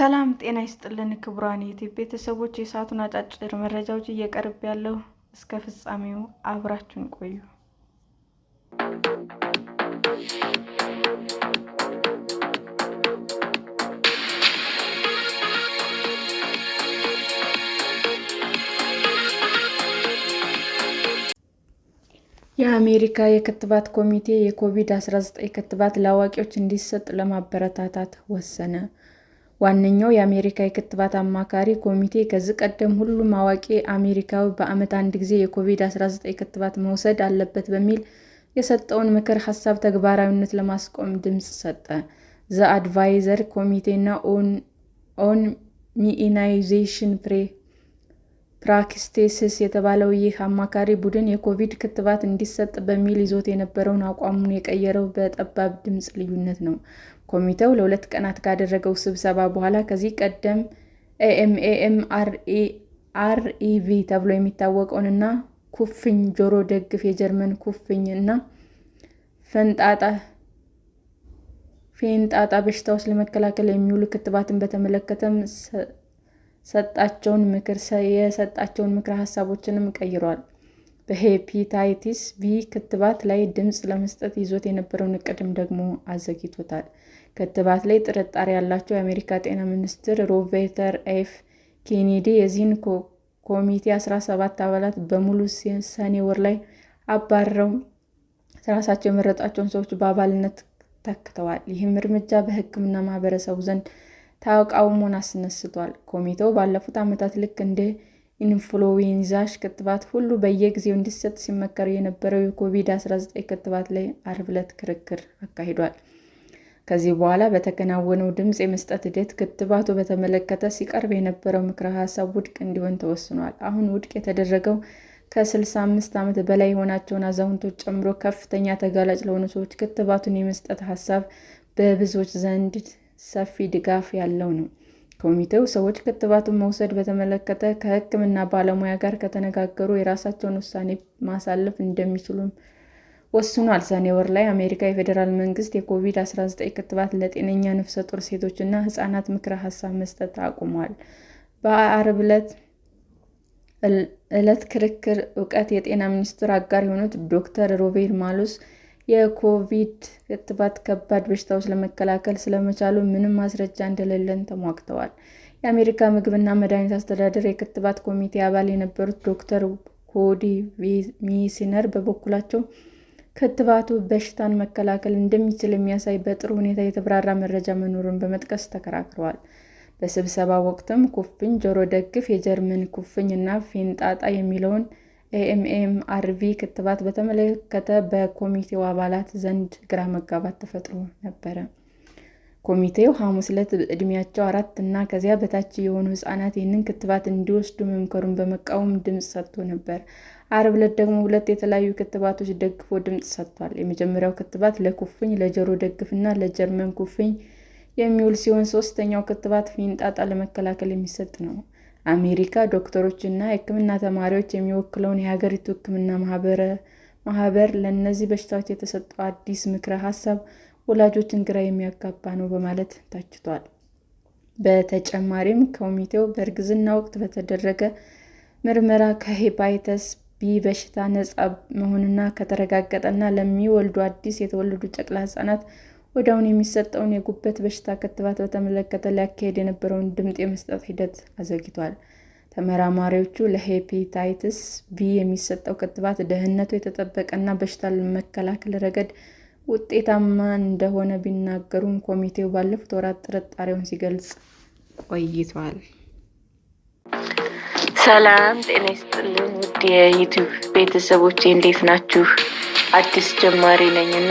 ሰላም ጤና ይስጥልን ክቡራን ዩቲዩብ ቤተሰቦች፣ የሰዓቱን አጫጭር መረጃዎች እየቀርብ ያለው እስከ ፍጻሜው አብራችሁን ቆዩ። የአሜሪካ የክትባት ኮሚቴ የኮቪድ-19 ክትባት ለአዋቂዎች እንዲሰጥ ለማበረታታት ወሰነ። ዋነኛው የአሜሪካ የክትባት አማካሪ ኮሚቴ ከዚህ ቀደም ሁሉም አዋቂ አሜሪካዊ በዓመት አንድ ጊዜ የኮቪድ-19 ክትባት መውሰድ አለበት በሚል የሰጠውን ምክር ሀሳብ ተግባራዊነት ለማስቆም ድምፅ ሰጠ። ዘ አድቫይዘር ኮሚቴ እና ኦን ሚኢናይዜሽን ፕራክስቴስስ የተባለው ይህ አማካሪ ቡድን የኮቪድ ክትባት እንዲሰጥ በሚል ይዞት የነበረውን አቋሙን የቀየረው በጠባብ ድምፅ ልዩነት ነው። ኮሚቴው ለሁለት ቀናት ካደረገው ስብሰባ በኋላ ከዚህ ቀደም ኤኤምኤም አርኢቪ ተብሎ የሚታወቀውን እና ኩፍኝ ጆሮ ደግፍ የጀርመን ኩፍኝ እና ፌንጣጣ በሽታዎች ለመከላከል የሚውሉ ክትባትን በተመለከተም ሰጣቸውን ምክር የሰጣቸውን ምክር ሀሳቦችንም ቀይሯል። በሄፒታይቲስ ቢ ክትባት ላይ ድምፅ ለመስጠት ይዞት የነበረውን እቅድም ደግሞ አዘግይቶታል። ክትባት ላይ ጥርጣሬ ያላቸው የአሜሪካ ጤና ሚኒስትር ሮቬተር ኤፍ ኬኔዲ የዚህን ኮሚቴ 17 አባላት በሙሉ ሰኔ ወር ላይ አባረው ራሳቸው የመረጧቸውን ሰዎች በአባልነት ተክተዋል። ይህም እርምጃ በሕክምና ማህበረሰቡ ዘንድ ተቃውሞን አስነስቷል። ኮሚቴው ባለፉት ዓመታት ልክ እንደ ኢንፍሉዌንዛሽ ክትባት ሁሉ በየጊዜው እንዲሰጥ ሲመከር የነበረው የኮቪድ-19 ክትባት ላይ ዓርብ ዕለት ክርክር አካሂዷል። ከዚህ በኋላ በተከናወነው ድምፅ የመስጠት ሂደት ክትባቱ በተመለከተ ሲቀርብ የነበረው ምክረ ሀሳብ ውድቅ እንዲሆን ተወስኗል። አሁን ውድቅ የተደረገው ከ65 ዓመት በላይ የሆናቸውን አዛውንቶች ጨምሮ ከፍተኛ ተጋላጭ ለሆኑ ሰዎች ክትባቱን የመስጠት ሀሳብ በብዙዎች ዘንድ ሰፊ ድጋፍ ያለው ነው። ኮሚቴው ሰዎች ክትባቱን መውሰድ በተመለከተ ከሕክምና ባለሙያ ጋር ከተነጋገሩ የራሳቸውን ውሳኔ ማሳለፍ እንደሚችሉም ወስኗል። ሰኔ ወር ላይ አሜሪካ የፌዴራል መንግስት የኮቪድ-19 ክትባት ለጤነኛ ነፍሰ ጡር ሴቶችና ህጻናት ምክረ ሀሳብ መስጠት አቁሟል። በዓርብ ዕለት ክርክር እውቀት የጤና ሚኒስትር አጋር የሆኑት ዶክተር ሮቤል ማሉስ የኮቪድ ክትባት ከባድ በሽታዎች ለመከላከል ስለመቻሉ ምንም ማስረጃ እንደሌለን ተሟግተዋል። የአሜሪካ ምግብና መድኃኒት አስተዳደር የክትባት ኮሚቴ አባል የነበሩት ዶክተር ኮዲ ሚሲነር በበኩላቸው ክትባቱ በሽታን መከላከል እንደሚችል የሚያሳይ በጥሩ ሁኔታ የተብራራ መረጃ መኖሩን በመጥቀስ ተከራክረዋል። በስብሰባ ወቅትም ኩፍኝ፣ ጆሮ ደግፍ፣ የጀርመን ኩፍኝ እና ፌንጣጣ የሚለውን ኤምኤምአርቪ ክትባት በተመለከተ በኮሚቴው አባላት ዘንድ ግራ መጋባት ተፈጥሮ ነበረ። ኮሚቴው ሐሙስ ዕለት ዕድሜያቸው አራት እና ከዚያ በታች የሆኑ ህጻናት ይህንን ክትባት እንዲወስዱ መምከሩን በመቃወም ድምፅ ሰጥቶ ነበር። አርብ ዕለት ደግሞ ሁለት የተለያዩ ክትባቶች ደግፎ ድምፅ ሰጥቷል። የመጀመሪያው ክትባት ለኩፍኝ፣ ለጆሮ ደግፍ እና ለጀርመን ኩፍኝ የሚውል ሲሆን ሶስተኛው ክትባት ፊንጣጣ ለመከላከል የሚሰጥ ነው። አሜሪካ ዶክተሮችና የሕክምና ተማሪዎች የሚወክለውን የሀገሪቱ ሕክምና ማህበር ለእነዚህ በሽታዎች የተሰጠው አዲስ ምክረ ሀሳብ ወላጆችን ግራ የሚያጋባ ነው በማለት ተችቷል። በተጨማሪም ኮሚቴው በእርግዝና ወቅት በተደረገ ምርመራ ከሄፓታይተስ ቢ በሽታ ነፃ መሆንና ከተረጋገጠና ለሚወልዱ አዲስ የተወለዱ ጨቅላ ህጻናት ወዲያውኑ የሚሰጠውን የጉበት በሽታ ክትባት በተመለከተ ሊያካሄድ የነበረውን ድምጥ የመስጠት ሂደት አዘግቷል። ተመራማሪዎቹ ለሄፒታይትስ ቢ የሚሰጠው ክትባት ደህንነቱ የተጠበቀና በሽታ ለመከላከል ረገድ ውጤታማ እንደሆነ ቢናገሩም ኮሚቴው ባለፉት ወራት ጥርጣሬውን ሲገልጽ ቆይቷል። ሰላም ጤና ይስጥልን ውድ የዩቱብ ቤተሰቦች እንዴት ናችሁ? አዲስ ጀማሪ ነኝና!